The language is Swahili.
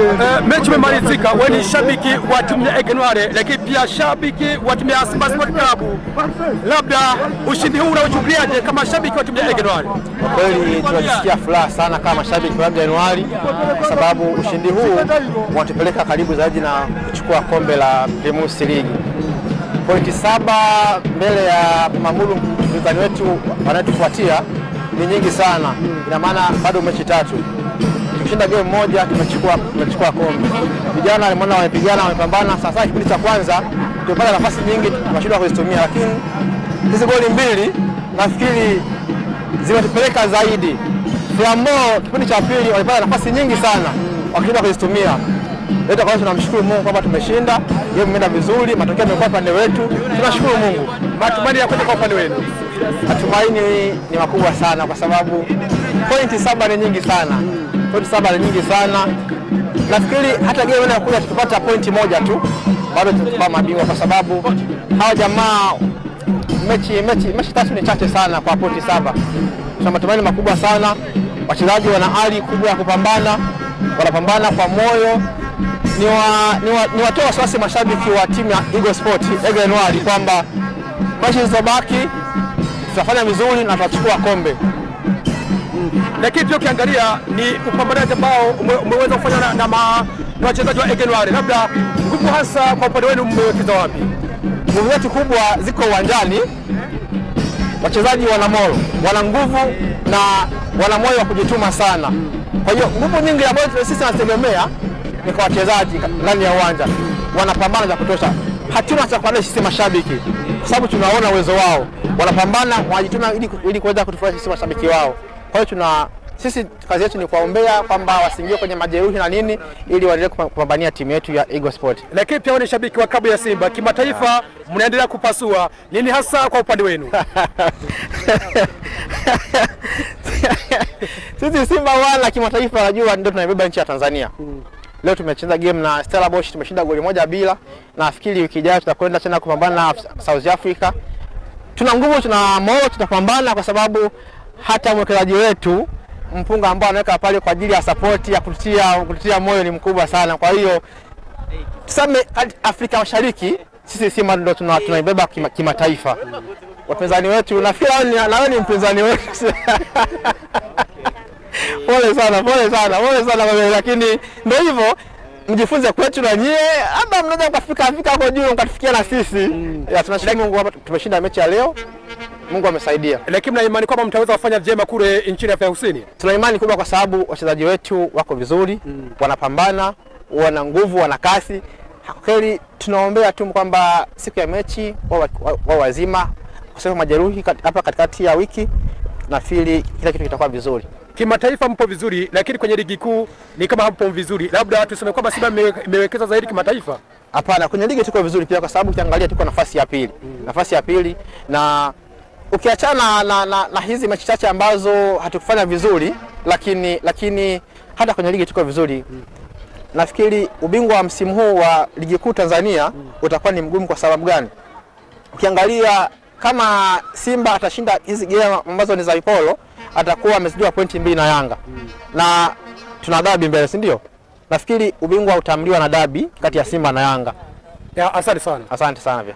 Uh, eh, mechi imemalizika. Wewe ni shabiki wa timu ya Ekenware, lakini pia shabiki wa timu ya Simba Sport Club, labda ushindi huu unaochukuliaje kama shabiki wa timu ya Ekenware? Kwa kweli tunajisikia furaha sana kama mashabiki wa Januari, kwa sababu ushindi huu watupeleka karibu zaidi na kuchukua kombe la Primus League pointi saba mbele ya Mamulu, mpinzani wetu wanayetufuatia ni nyingi sana. Ina maana bado mechi tatu kushinda game moja, tumechukua tumechukua kombe. Vijana walimwona wamepigana, wamepambana. Sasa kipindi cha kwanza tumepata nafasi nyingi, tunashindwa kuzitumia, lakini hizi goli mbili nafikiri zimetupeleka zaidi. Flambeau kipindi cha pili walipata nafasi nyingi sana, wakishindwa kuzitumia Leo kwa tunamshukuru Mungu kwamba tumeshinda, game imeenda vizuri, matokeo yamekuwa upande wetu, tunashukuru Mungu. Matumaini yako kwa upande wenu, matumaini ni makubwa sana, kwa sababu pointi saba ni nyingi sana pointi saba ni nyingi sana. Nafikiri hata game inayokuja tukipata pointi moja tu bado tutakuwa mabingwa, kwa sababu hawa jamaa mechi mechi mechi tatu ni chache sana kwa pointi saba. Tuna matumaini makubwa sana, wachezaji wana hali kubwa ya kupambana, wanapambana kwa moyo. niwatoa wasiwasi mashabiki wa timu ya Eagle Sport Eagle Noir kwamba mechi zilizobaki tutafanya vizuri na tutachukua kombe lakini pia ukiangalia ni upambanaji ambao umeweza kufanywa na, na, na wachezaji wa Egenware. Labda nguvu hasa kwa upande wenu mmewekeza wapi? Nguvu zetu kubwa ziko uwanjani, wachezaji wana moyo, wana nguvu na wana moyo wa kujituma sana. Kwa hiyo nguvu nyingi ambayo sisi tunategemea ni kwa wachezaji ndani ya uwanja, wanapambana vya kutosha. Hatuna cha kuwaambia sisi mashabiki, kwa sababu tunaona uwezo wao, wanapambana wanajituma ili kuweza kutufurahisha sisi mashabiki wao. Kwa hiyo tuna sisi kazi yetu ni kuwaombea kwamba wasiingie kwenye majeruhi na nini, ili waendelee kupambania timu yetu ya Eagle Sport. Lakini pia wewe ni shabiki wa klabu ya Simba kimataifa, mnaendelea kupasua nini hasa kwa upande wenu? Sisi Simba wala kimataifa, najua ndio tunaibeba nchi ya Tanzania. Hmm. Leo tumecheza game na Stella Bosch, tumeshinda goli moja bila. Nafikiri wiki ijayo tutakwenda tena kupambana na South Africa. Tuna nguvu, tuna moyo, tutapambana kwa sababu hata mwekezaji wetu mpunga ambao anaweka pale kwa ajili ya sapoti ya kututia, kututia moyo ni mkubwa sana. Kwa hiyo tuseme Afrika Mashariki sisi Simba ndo tunaibeba tuna kimataifa kima wapinzani wetu, na nawe ni mpinzani wetu pole sana, pole sana, pole sana kwa babe, lakini ndio hivyo mjifunze kwetu na nyie, labda mnaweza mkafika fika huko juu mkatufikia na sisi. Mm. Tunashukuru Mungu tumeshinda mechi ya leo. Mungu amesaidia, lakini na imani kwamba mtaweza kufanya vyema kule nchini Afrika Kusini? Tuna imani kubwa, kwa sababu wachezaji wetu wako vizuri mm. wanapambana, wana nguvu, wana kasi. Kwa kweli tunaombea tu kwamba siku ya mechi wao wa wazima, kusema majeruhi hapa katikati ya wiki, nafikiri kila kitu kitakuwa vizuri. Kimataifa mpo vizuri, lakini kwenye ligi kuu ni kama hapo vizuri. Labda tuseme kwamba Simba imewekeza zaidi kimataifa? Hapana, kwenye ligi tuko vizuri pia, kwa sababu ukiangalia tuko nafasi ya pili mm. nafasi ya pili na ukiachana na, na, na na hizi mechi chache ambazo hatukufanya vizuri, lakini lakini hata kwenye ligi tuko vizuri mm. Nafikiri ubingwa wa msimu huu wa ligi kuu Tanzania mm. utakuwa ni mgumu. Kwa sababu gani? Ukiangalia kama Simba atashinda hizi game ambazo ni za vipolo, atakuwa amezidiwa pointi mbili na Yanga mm. na tuna dabi mbele, si ndio? Nafikiri ubingwa utamliwa na dabi kati ya Simba na Yanga. Ya, asante sana, asante sana pia.